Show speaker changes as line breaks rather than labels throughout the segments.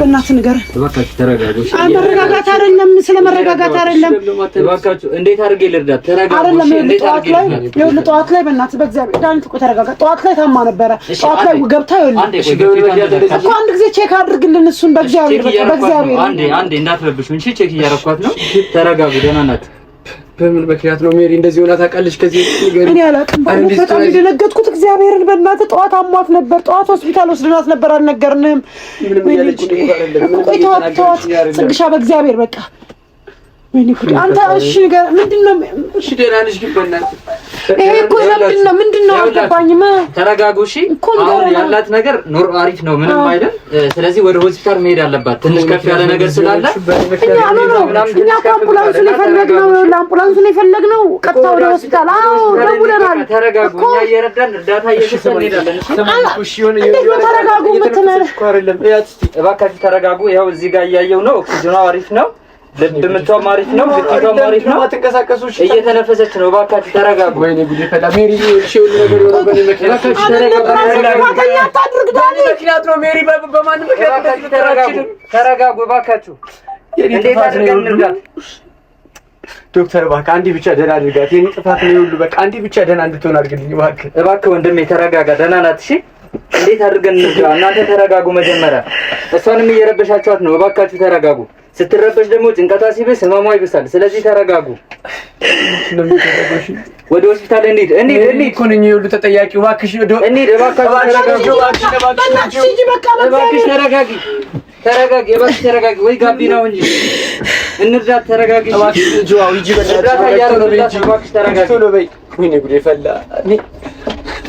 በእናትህ ንገረን። መረጋጋት አይደለም፣ ስለ መረጋጋት አይደለም።
እንዴት አድርጌ ልርዳት? ጠዋት
ላይ በእናትህ በእግዚአብሔር ዳንት እኮ ተረጋጋ። ጠዋት ላይ ታማ ነበረ። ጠዋት ላይ ገብታ እኮ አንድ ጊዜ ቼክ አድርግልን እሱን በእግዚአብሔር በእግዚአብሔር። አንዴ አንዴ
እንዳትረብሽ፣ ቼክ እያረኳት ነው። ተረጋጉ፣ ደህና ናት። በምን ምክንያት ነው ሜሪ እንደዚህ ሆና ታውቃለች? ከዚህ እኔ አላውቅም። በጣም
የደነገጥኩት እግዚአብሔርን በእናትህ ጠዋት አሟት ነበር። ጠዋት ሆስፒታል ወስደናት ነበር። አልነገርንም። ቆይ ተዋት፣ ተዋት ጽግሻ፣ በእግዚአብሔር በቃ አንተ እሺ ነገር ምንድን ነው? እሺ ደህና ነሽ? ግን በእናትህ ይሄ እኮ ምንድን ነው? ምንድን ነው?
አልገባኝም። ተረጋጉ። እሺ አሁን ያላት ነገር ኖር አሪፍ ነው፣ ምንም አይደል። ስለዚህ ወደ ሆስፒታል መሄድ አለባት። ትንሽ ከፍ ያለ ነገር ስላለ እኛ አምቡላንሱን የፈለግነው
አምቡላንሱን የፈለግነው ቀጥታ ወደ ሆስፒታል አዎ፣ ደውለናል። ተረጋጉ። እኛ እየረዳን እርዳታ እየሰጠን እንሄዳለን። ተረጋጉ።
እባካችሁ ተረጋጉ። ይኸው እዚህ ጋር እያየሁ ነው። ኦክሲጅኗ አሪፍ ነው። ልብምቷም አሪፍ ነው፣ ግጥቷም አሪፍ ነው። አትንቀሳቀሱ፣ እየተነፈሰች ነው። እባካችሁ ተረጋጉ። ወይኔ ጉዴ ፈላ ሜሪ ዶክተር እባክህ አንዴ ብቻ ደህና አድርጋት። የኔ ጥፋት ነው ሁሉ። በቃ አንዴ ብቻ ደህና እንድትሆን አድርግልኝ እባክህ። እባክህ ወንድሜ ተረጋጋ። ደህና ናት። እሺ እንዴት አድርገን እንጃ። እናንተ ተረጋጉ መጀመሪያ። እሷንም እየረበሻችኋት ነው። እባካችሁ ተረጋጉ። ስትረበሽ ደግሞ ጭንቀቷ ሲብስ ህመሟ ይብሳል። ስለዚህ ተረጋጉ። ወደ ሆስፒታል እንሂድ እንሂድ እንሂድ እኮ ነኝ ሁሉ ተጠያቂ። እባክሽ እንሂድ፣ እባክሽ ተረጋጊ፣ ተረጋጊ፣ እባክሽ ተረጋጊ። ወይ ጋቢ ነው እንጂ እንርዳት። ተረጋጊ እባክሽ። ልጅ ይጂ በእርዳታ እያደረግን እባክሽ ተረጋጊ። ቶሎ በይ። ወይኔ ጉዴ ፈላ።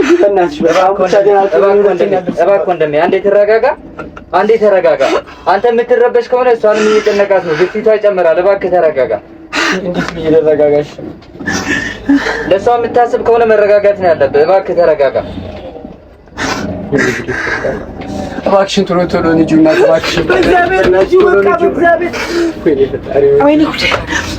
አንዴ ተረጋጋ፣ አንዴ ተረጋጋ። አንተ የምትረበሽ ከሆነ እሷንም እየጨነቃት ነው፣ ግፊቷ ይጨምራል። እባክህ ተረጋጋ። እንዴት ብዬ ልረጋጋሽ? ለእሷ የምታስብ ከሆነ መረጋጋት ነው ያለብህ። እባክህ ተረጋጋ። እባክሽን ቶሎ ቶሎ ልጁ እና እባክሽን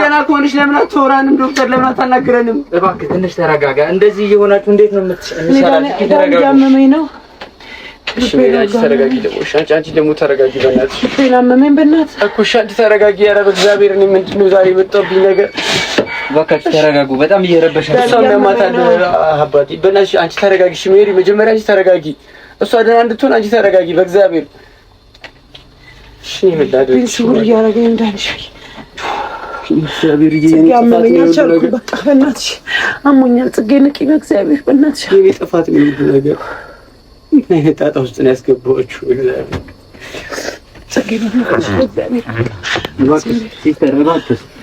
ገና ከሆንሽ ለምን አትወራንም? ዶክተር ለምን አታናግረንም? እባክህ ትንሽ ተረጋጋ። እንደዚህ እየሆናችሁ እንዴት ነው የምትሻላችሁ ነው? አንቺ ደግሞ ተረጋጊ፣ በእናትሽ አመመኝ። በእናትሽ እኮ እሺ፣ አንቺ ተረጋጊ። ኧረ በእግዚአብሔር እኔ ምንድን ነው ዛሬ የመጣሁብኝ ነገር? እባካችሁ ተረጋጉ። በጣም እየረበሻችሁ ነው። እሷም ያማታል። አባቴ በእናትሽ አንቺ ተረጋጊ። እሺ ሜሪ፣ መጀመሪያ አንቺ ተረጋጊ። እሷ ደህና እንድትሆን አንቺ ተረጋጊ። በእግዚአብሔር
እግዚአብሔር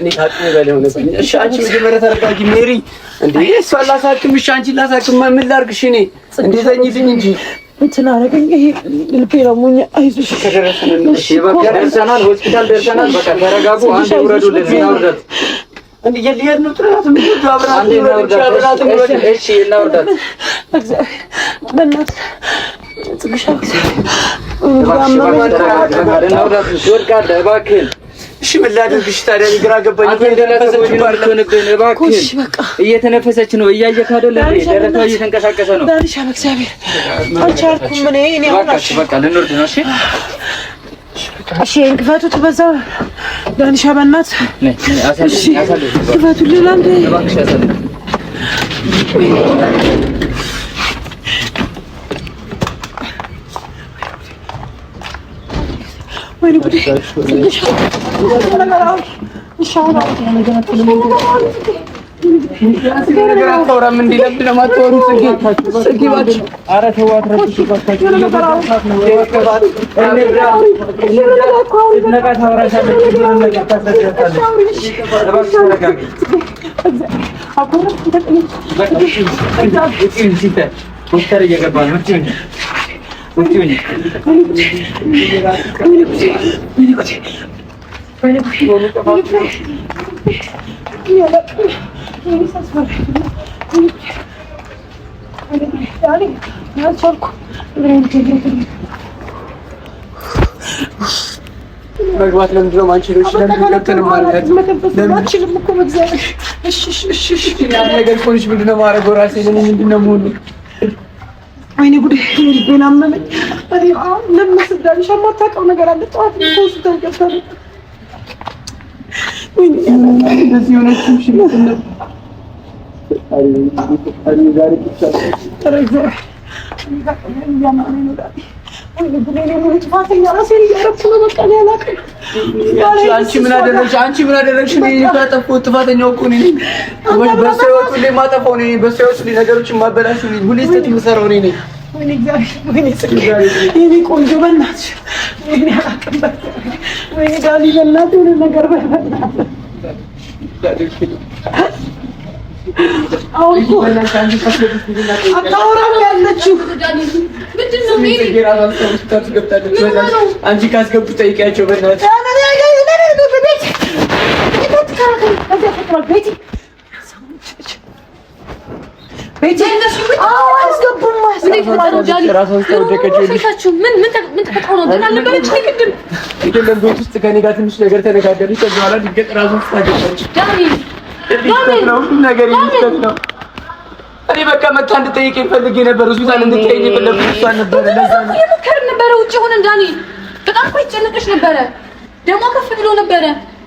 እኔ ከአቅሜ በላይ ሆነብኝ። እሺ አንቺ መጀመሪያ ተረጋጊ ሜሪ። እንዴ እሷን ላሳክም፣ እሺ አንቺን ላሳክም።
ምን ላድርግሽ? እኔ እንዴ ተኝትኝ እንጂ እንትን አደረገኝ። ይሄ ልቤ ለሞኝ። አይዞሽ ደርሰናል፣ ሆስፒታል ደርሰናል። በቃ ተረጋጉ። አንዴ ውረዱ። ለዚህ
እንዴ የሊየር ነው ትራራት ምን ይባብራል? አንዴ እናውርዳት። እሺ እናውርዳት። እየተነፈሰች ነው። እያየህ አይደለ? ደረቷ
እየተንቀሳቀሰ ነው።
አልቻልኩም እኔ እኔ በቃ ልንወርድ ነው። እሺ
እሺ እንክፈቱት። በዛ ዳንሻ በእናት እንክፈቱት። ሌላ እንደ ወይኔ ጉዴ
ዶክተር እየገባ ነው።
ውጭ መግባት
ለምንድን ነው ማንችለው? እሺ ለምን ገብተን ማለት ለምን
እሺ ምንድን ነው ማረገው? ራሴ ለምን ምንድን ነው መሆኑ? ወይኔ ጉዴ ልቤን አመመኝ። ለምን ስዳንሽ የማታውቀው ነገር አለ። ጠዋት ሆስፒታል ገብታ አንቺ ምን
አደረግሽ? አንቺ ምን አደረግሽ? እኔ ያጠፋሁት ጥፋተኛው እኮ እኔ ነኝ። በሰው ሁሌ የማጠፋው እኔ ነኝ። በሰው ሕይወት ነገሮችን ማበላሽ ሁሌ ስህተት የምሰራው እኔ ነኝ።
ቆንጆ በእናትሽ ወይኔ አላቅበት ወይኔ ዳሊ በእናትህ የሆነ ነገር አታወራም ያለችው
አንቺ ካስገቡ ጠይቂያቸው በእናትህ ቤት ውስጥ ከኔ ጋር ትንሽ ነገር ተነጋገረች። ከዛ በኋላ ድንገት ራሱ ውስጥ ታገባች። ነገር የሚሰጥ ነው። እኔ በቃ መታ እንድጠይቀኝ ፈልጌ ነበር። ሆስፒታል እንድትሄጂ የፈለኩት
ነበር። የሞከርን ነበረ ውጭ ሆነን ዳኒ በጣም እኮ ይጨነቀሽ ነበረ። ደግሞ ከፍ ብሎ ነበረ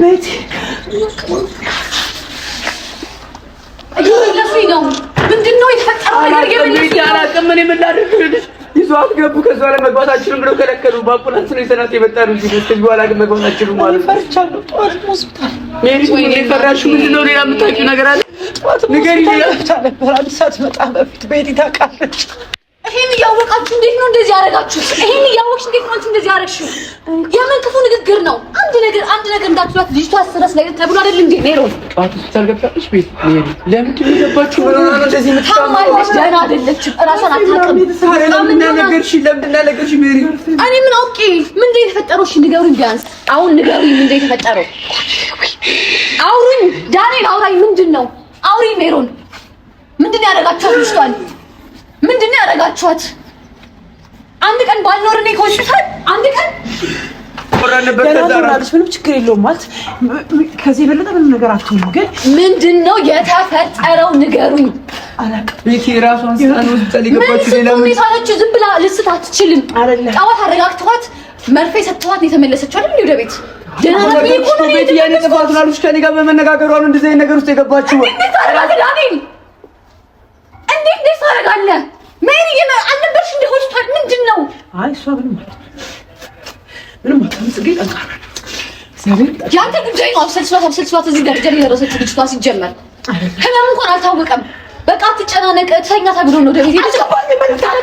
ቤቲ እየመለሱኝ ነው። ምንድን ነው የተፈጠረው ነገር? እየመለሱኝ አላውቅም።
እኔ ምን ላድርግ? ይዞ አትገቡ። ከዛ በኋላ መግባት ብለው ከለከሉ። በአምቡላንስ ነው የሰናት የመጣ ነው።
ከዚህ በኋላ ግን መግባት ማለት ነው። ፈርቻለሁ። ጠዋት ሆስፒታል የፈራሽው ምንድን ነው? ሌላ የምታውቂው ነገር አለ? ንገሪኝ። ነበር አንድ ሰዓት መጣ በፊት ቤቲ ታውቃለች ይሄን እያወቃችሁ እንዴት ነው እንደዚህ ያደረጋችሁት? ይሄን እያወቅሽ እንዴት ነው እንደዚህ ያደረግሽው? የምን ክፉ ንግግር ነው? አንድ ነገር አንድ ነገር እንዳትሏት ልጅቷ አስረስ ላይ ተብሎ አይደል እንዴ? ኔሮ
ጧት ሆስፒታል ገብታለች። ቤት ኔሮ ለምንድን ነው የገባችሁ? እንደዚህ የምትታማለች ደህና አይደለችም።
እራሷን አታውቅም። ለምን ነገርሽ?
ለምን ነገርሽ? ሜሪ
እኔ ምን አውቄ? ምን እንደ የተፈጠረው? እሺ ንገሩኝ፣ ቢያንስ አሁን ንገሩኝ። ምን እንደ የተፈጠረው አውሩኝ። ዳንኤል አውራኝ። ምንድን ነው አውሪኝ። ሜሮን ምንድን ነው ያደረጋችኋት ልጅቷን? ምንድን ነው ያደረጋችኋት? አንድ ቀን ባልኖር እኔ ከሆስፒታል አንድ ቀን ምንም ችግር የለውም። ማለት ከዚህ የበለጠ ምንም ነገር አትሆኑ። ግን ምንድን ነው የተፈጠረው ንገሩኝ። ቤቲ ዝም ብላ ልስት አትችልም። ጠዋት አረጋግተኋት መርፌ ሰጥተዋት የተመለሰችው አይደል? ወደ ቤት ከእኔ ጋር በመነጋገሩ ነው እንደዚህ ነገር ውስጥ የገባችው። እንዴት ታደርጋለህ? እንደ ሆስፒታል ምንድን ነው? አይ እሷ ምንም ምንም ጽጌ ጠንካራ የአንተ ጉዳይ ነው። አብሰልስሏት አብሰልስሏት እዚህ ደረጃ ላይ የደረሰችው ልጅቷ ሲጀመር ህመም እንኳን አልታወቀም። በቃ አትጨናነቅ፣ ተኛ ተብሎ ነው ደቤት ሄደ።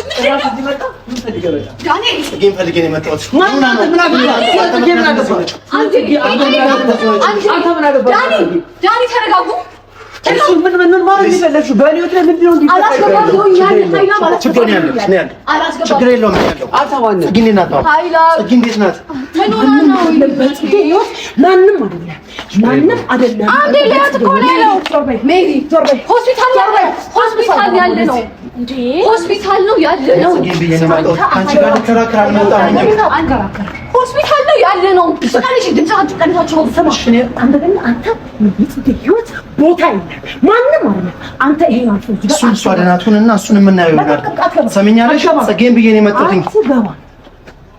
ማንም አይደለም። አንዴ ለያት እኮ ነው ያለው። ሆስፒታል ሆስፒታል ሆስፒታል ያለ ነው እንዴ? ሆስፒታል ነው ያለ ነው። አንቺ ጋር ልከራከር አልመጣም ሆስፒታል ነው ያለ ነው። ህይወት ቦታ የለም ማንም አለ አንተ ይሄ አንተ እሷ ደህና ትሁንና እሱን የምናየው ነገር ሰሚኛለሽ። ጸጌን ብዬ ነው የመጣሁት።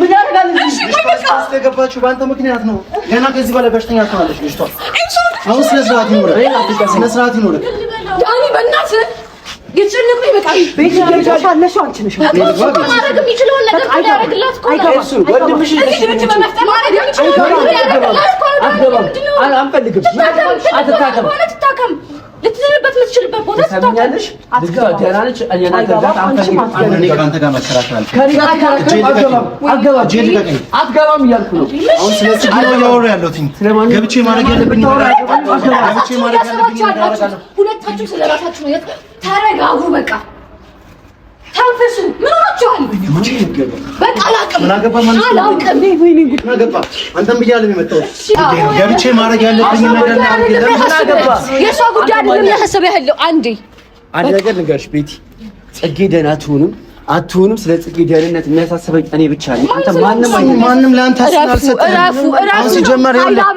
ምን ያደርጋል? በአንተ ምክንያት ነው። ገና ከዚህ በላይ በሽተኛ ትሆናለች ልጅቷ። አሁን ስነ ስርዓት ይኖረ፣ ስነ ስርዓት ይኖረ። ዳኒ በእናትህ ግጭልም ይበቃል። ቤት ማድረግ የሚችለውን ነገር ልትዝንበት የምትችልበት ቦታ ትሰሚኛለሽ? ደህና ነች። አትገባም እያልኩ ነው።
ገብቼ ማድረግ ያለብኝ
ሁለታችሁ ስለራሳችሁ ነው። ተረጋጉ በቃ ተንፍሱ። ምን ሆናችኋል? ገብቼ ማድረግ ያለብኝ ነገር የእሷ ጉዳይ አይደለም። ለሀሳብ ያለው አንዴ
አንድ ነገር ንገርሽ ቤቲ፣ ጽጌ ደህና ትሁንም አትሁንም ስለ ጽጌ ደህንነት የሚያሳስበኝ እኔ ብቻ ነኝ። አንተ ማንም ማንም ለአንተ አስናልሰጥ ራሱ ራሱ ጀመር ይላል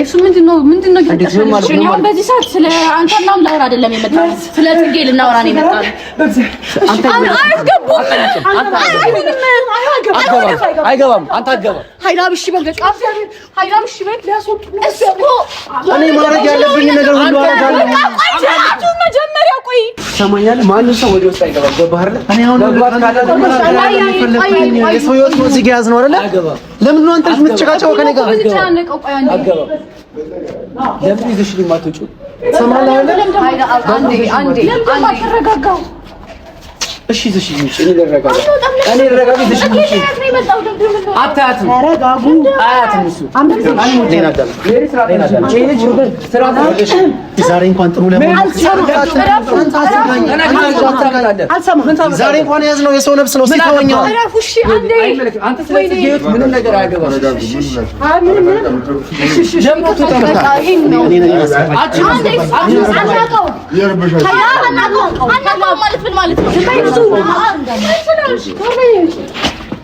እሱ ምንድን ነው ምንድን ነው ግን በዚህ ሰዓት ስለ አንተ እናም ላወራ አይደለም የመጣው፣ ስለ ጽጌ ልናወራ ነው የመጣው። አንተ አይገባም፣ አንተ አትገባም hayra bir şey bak. Aferin. Hayra bir şey bak. Biraz o tutmuş. O. Ana imara geldi bring ነገር ሁሉ አደርጋለሁ። አቱና ጀመሪያ ቆይ
ሰማኛል። ማንም ሰው ወዲህ ውስጥ አይገባም። ገባህ አይደል? እኔ አሁን ለባት ካለ የሰው ህይወት ነው እዚህ
ያዝ ነው አይደል? ለምን ነው አንተ የምትጨቃጨቀው ከኔ ጋር? ለምን ይዘሽ ማትወጪ? ሰማለህ አይደል? አንዴ አንዴ አንዴ
እሺ፣ ይዘሽ እኔ ልረጋጋ እኔ ልረጋጋ ይዘሽ
አታያትም። አያትም እንኳን ጥሩ ዛሬ እንኳን የያዝነው የሰው ነፍስ ነው። ሲተወኛ ምንም ነገር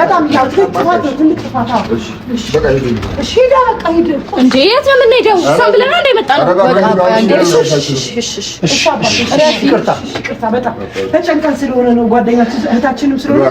በጣም ተጨንቀን ስለሆነ ነው ጓደኛችን እህታችንም ስለሆነ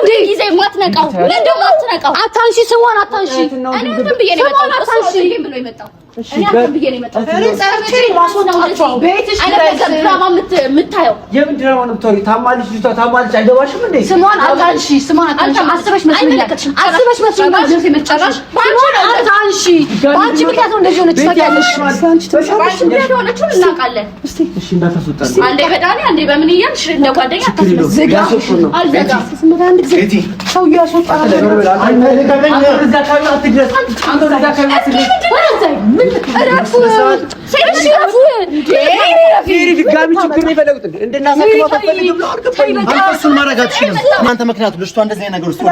እንዴ ጊዜ ማትነቃው ለምን ደግሞ አትነቃው? አታንሺ ስሟን አታንሺ። እኔ ብዬሽ ነው የመጣው። የምን ድራማ ነው የምታወሪው? ታማለች ልጅቷ ታማለች። አይገባሽም እንዴ? ስሟን አታንሺ፣ ስሟን አታንሺ። አስበሽ መስሎኝ ነው አስበሽ መስሎኝ ነው ልጅ የምትጨራሽ። ስሟን አታንሺ። በአንቺ ምክንያት ነው እንደዚህ ሆነች። ታውቂያለሽ፣ በአንቺ ምክንያት ሆነች። ሁሉ እናውቃለን። እስቲ እሺ፣ እንዳታስወጣ አንዴ በዳኒ አንዴ በምን እያልሽ እንደ ጓደኛ አታስመስል። ዝጋ፣ አልዘጋ አንድ ጊዜ ሰው እያስወጣ ነው። አንተ እዛ አካባቢ አትድረስ። አንተ እዛ አካባቢ አትድረስ። ድጋሚ ችግር ነው የፈለጉት። እንድናሳክማት አትፈልግም ነው አንተ እናንተ ምክንያቱ ልጅቷ እንደዚህ ነገር ውስጥ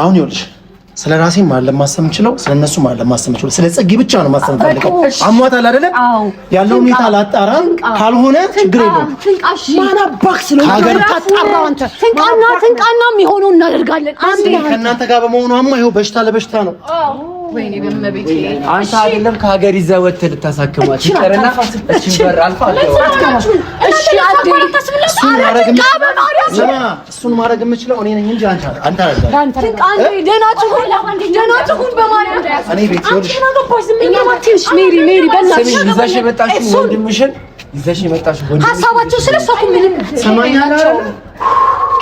አሁን ይኸውልሽ ስለ ራሴ ማለ ማሰብ የምችለው ስለ እነሱ ማለ ማሰብ የምችለው ስለ ጽጌ ብቻ ነው ማሰብ የምፈልገው። አሟታል አይደለ? ያለው ሁኔታ ላጣራ፣ ካልሆነ ችግር የለውም። ማን አባክ ስለሆነ ሀገር ታጣራ። አንተ ትንቃና ትንቃና የሚሆነው እናደርጋለን። ከእናንተ ጋር በመሆኑ አማ ይኸው በሽታ ለበሽታ ነው። አንተ አይደለም
ከሀገር ይዘህ ወጥተህ ልታሳክማት ይቀርና እቺን
በር እሱን ማድረግ የምችለው እኔ ነኝ እንጂ አንተ አይደለም።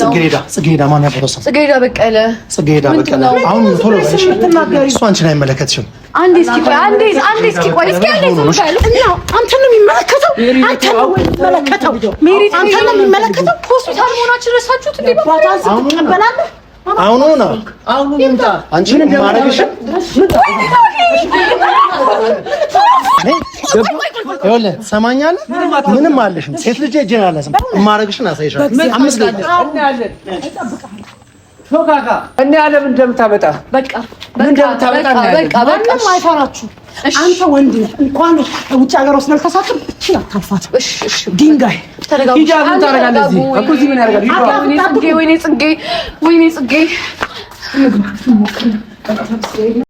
ጽጌረዳ ጽጌረዳ ማን ያፈረሰው? ጽጌረዳ በቀለ ጽጌረዳ በቀለ። አሁን ቶሎ እሱ አንቺን አይመለከትሽም። አንዴ እስኪ ቆይ፣ አንዴ አንዴ እስኪ ቆይ። እስኪ አንዴ እና አንተን ነው የሚመለከተው፣ አንተን ነው የሚመለከተው፣ ሜሪት አንተን ነው የሚመለከተው። ሆስፒታል መሆናችን ረሳችሁት እንዴ? ባታን ትቀበላለህ? አሁኑ ነው አሁኑ ምንታ አንቺን ማረግሽ ይኸውልህ ትሰማኛለህ? ምንም አለሽም። ሴት ልጅ እጄን አላስም። የማደርግሽን አሳይሻለሁ። አምስት እኔ ዓለም እንደምታመጣ በቃ እንደምታመጣ በቃ አንተ ወንድ ነህ እንኳን ውጭ ሀገር ወስደህ አልተሳተፍም። እቺ አታልፋት። ድንጋይ ምን ያደርጋል? ወይኔ ጽጌ፣ ወይኔ ጽጌ